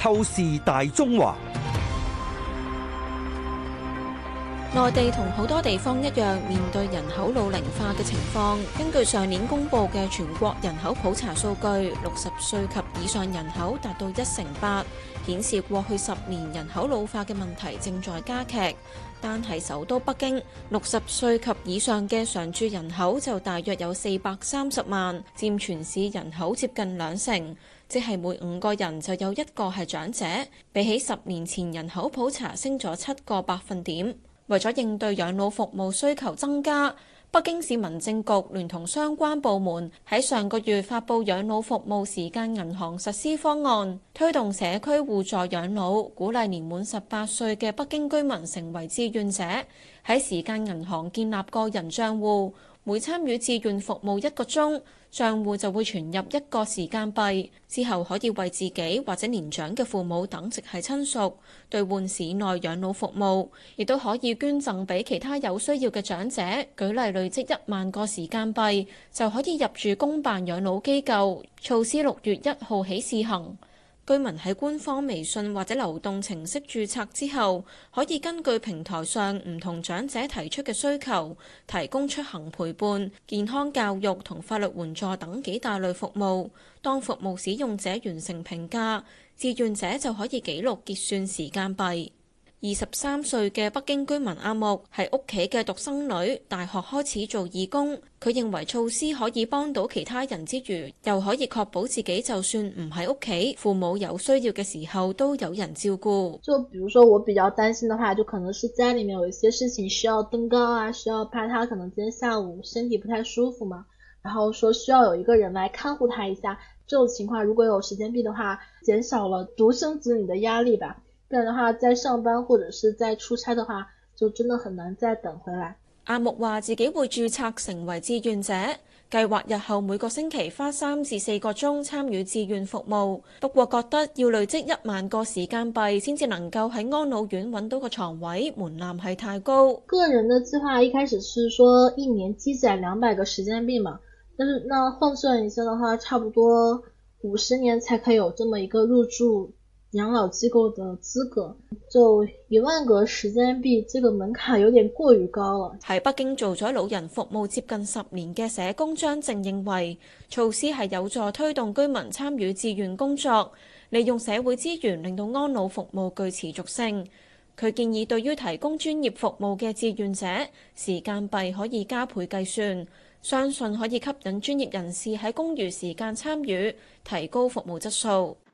透視大中華。內地同好多地方一樣，面對人口老齡化嘅情況。根據上年公布嘅全國人口普查數據，六十歲及以上人口達到一成八，顯示過去十年人口老化嘅問題正在加劇。單係首都北京，六十歲及以上嘅常住人口就大約有四百三十萬，佔全市人口接近兩成，即係每五個人就有一個係長者。比起十年前人口普查，升咗七個百分點。為咗應對養老服務需求增加，北京市民政局聯同相關部門喺上個月發布《養老服務時間銀行實施方案》，推動社區互助養老，鼓勵年滿十八歲嘅北京居民成為志願者，喺時間銀行建立個人賬戶。每參與志願服務一個鐘，帳戶就會存入一個時間幣，之後可以為自己或者年長嘅父母等直係親屬兌換市內養老服務，亦都可以捐贈俾其他有需要嘅長者。舉例累積一萬個時間幣就可以入住公辦養老機構。措施六月一號起試行。居民喺官方微信或者流動程式註冊之後，可以根據平台上唔同長者提出嘅需求，提供出行陪伴、健康教育同法律援助等幾大類服務。當服務使用者完成評價，志願者就可以記錄結算時間幣。二十三歲嘅北京居民阿木係屋企嘅獨生女，大學開始做義工。佢認為措施可以幫到其他人之餘，又可以確保自己就算唔喺屋企，父母有需要嘅時候都有人照顧。就比如說，我比較擔心的話，就可能是家裏面有一些事情需要登高啊，需要怕他可能今天下午身體不太舒服嘛，然後說需要有一個人來看護他一下。這種、個、情況如果有時間幣的話，減少了獨生子女的壓力吧。不然的話，在上班或者是在出差的話，就真的很難再等回來。阿木話自己會註冊成為志願者，計劃日後每個星期花三至四個鐘參與志願服務。不過覺得要累積一萬個時間幣先至能夠喺安老院揾到個床位，門檻係太高。個人的計劃一開始是說一年積攢兩百個時間幣嘛，但是那換算一下的話，差不多五十年才可以有這麽一個入住。養老機構的資格就一萬個時間幣，這個門檻有點過於高了。喺北京做咗老人服務接近十年嘅社工張正認為，措施係有助推動居民參與志願工作，利用社會資源令到安老服務具持續性。佢建議對於提供專業服務嘅志願者，時間幣可以加倍計算，相信可以吸引專業人士喺工餘時間參與，提高服務質素。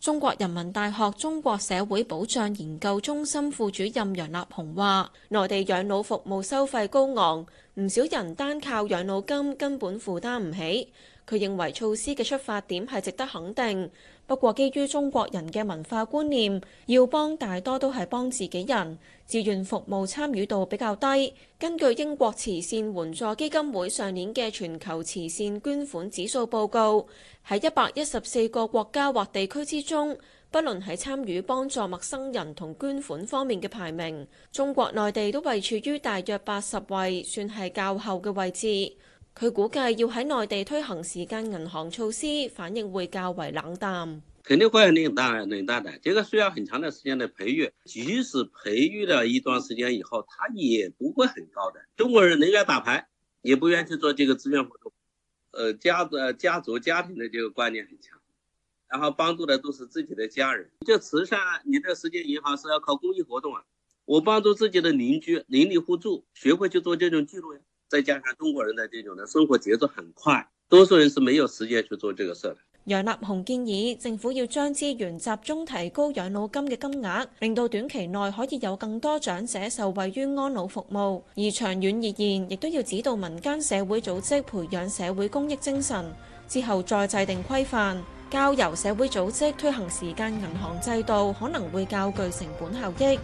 中國人民大學中國社會保障研究中心副主任楊立雄話內地養老服務收費高昂。唔少人單靠養老金根本負擔唔起，佢認為措施嘅出發點係值得肯定。不過，基於中國人嘅文化觀念，要幫大多都係幫自己人，志願服務參與度比較低。根據英國慈善援助基金會上年嘅全球慈善捐款指數報告，喺一百一十四個國家或地區之中，不論喺參與幫助陌生人同捐款方面嘅排名，中國內地都位處於大約八十位，算係較後嘅位置。佢估計要喺內地推行時間銀行措施，反應會較為冷淡。肯定會冷淡，冷淡的，這個需要很長的時間來培育。即使培育了一段時間以後，它也不會很高的。的中國人寧願打牌，也不願去做這個志願活動。呃，家呃家族家庭的這個觀念很強。然後幫助的都是自己的家人，這慈善，你這時間銀行是要靠公益活動啊！我幫助自己的鄰居，鄰里互助，學會去做這種記錄。再加上中國人的這種的生活節奏很快，多數人是沒有時間去做這個事的。楊立雄建議政府要將資源集中，提高養老金嘅金額，令到短期內可以有更多長者受惠於安老服務。而長遠而言，亦都要指導民間社會組織培養社會公益精神，之後再制定規範。交由社會組織推行時間銀行制度，可能會較具成本效益。